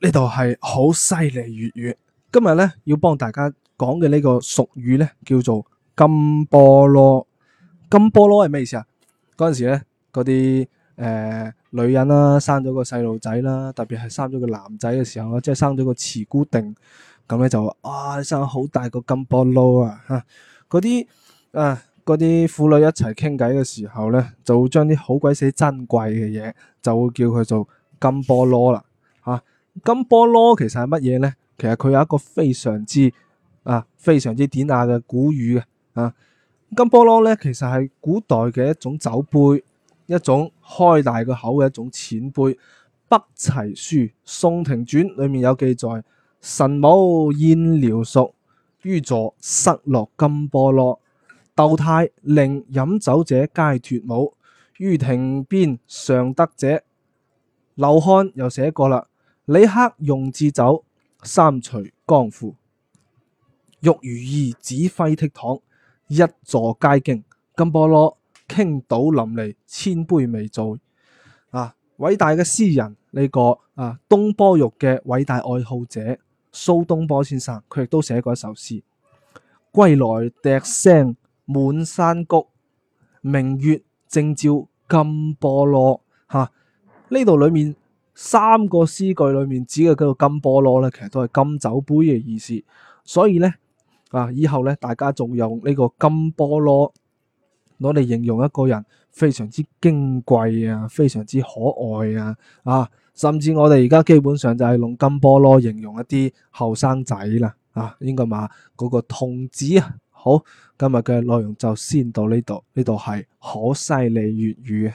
呢度係好犀利粵語。今日咧要幫大家講嘅呢個俗語咧，叫做金菠羅。金菠羅係咩意思啊？嗰陣時咧，嗰啲誒女人啦、啊，生咗個細路仔啦，特別係生咗個男仔嘅時候啦，即係生咗個慈姑定，咁咧就啊你生好大個金菠羅啊！吓，嗰啲啊，啲、啊、婦、啊、女一齊傾偈嘅時候咧，就會將啲好鬼死珍貴嘅嘢，就會叫佢做金菠羅啦，吓、啊。金波羅其實係乜嘢呢？其實佢有一個非常之啊非常之典雅嘅古語嘅，啊金波羅呢，其實係古代嘅一種酒杯，一種開大個口嘅一種淺杯。北齊書宋庭傳裏面有記載：神武宴僚屬於座，失落金波羅，竇泰令飲酒者皆脫帽。於庭邊尚得者，劉漢又寫過啦。李克用自酒三垂江湖，玉如意指揮倜儻，一座皆驚。金波羅傾倒淋漓，千杯未醉。啊，偉大嘅詩人呢、呢個啊，東坡肉嘅偉大愛好者蘇東坡先生，佢亦都寫過一首詩：歸來笛聲滿山谷，明月正照金波羅。吓、啊，呢度裏面。三個詩句裏面指嘅嗰個金波羅咧，其實都係金酒杯嘅意思。所以咧，啊，以後咧，大家仲用呢個金波羅攞嚟形容一個人非常之矜貴啊，非常之可愛啊，啊，甚至我哋而家基本上就係用金波羅形容一啲後生仔啦。啊，應該話，嗰個童子啊，好。今日嘅內容就先到呢度，呢度係好犀利粵語。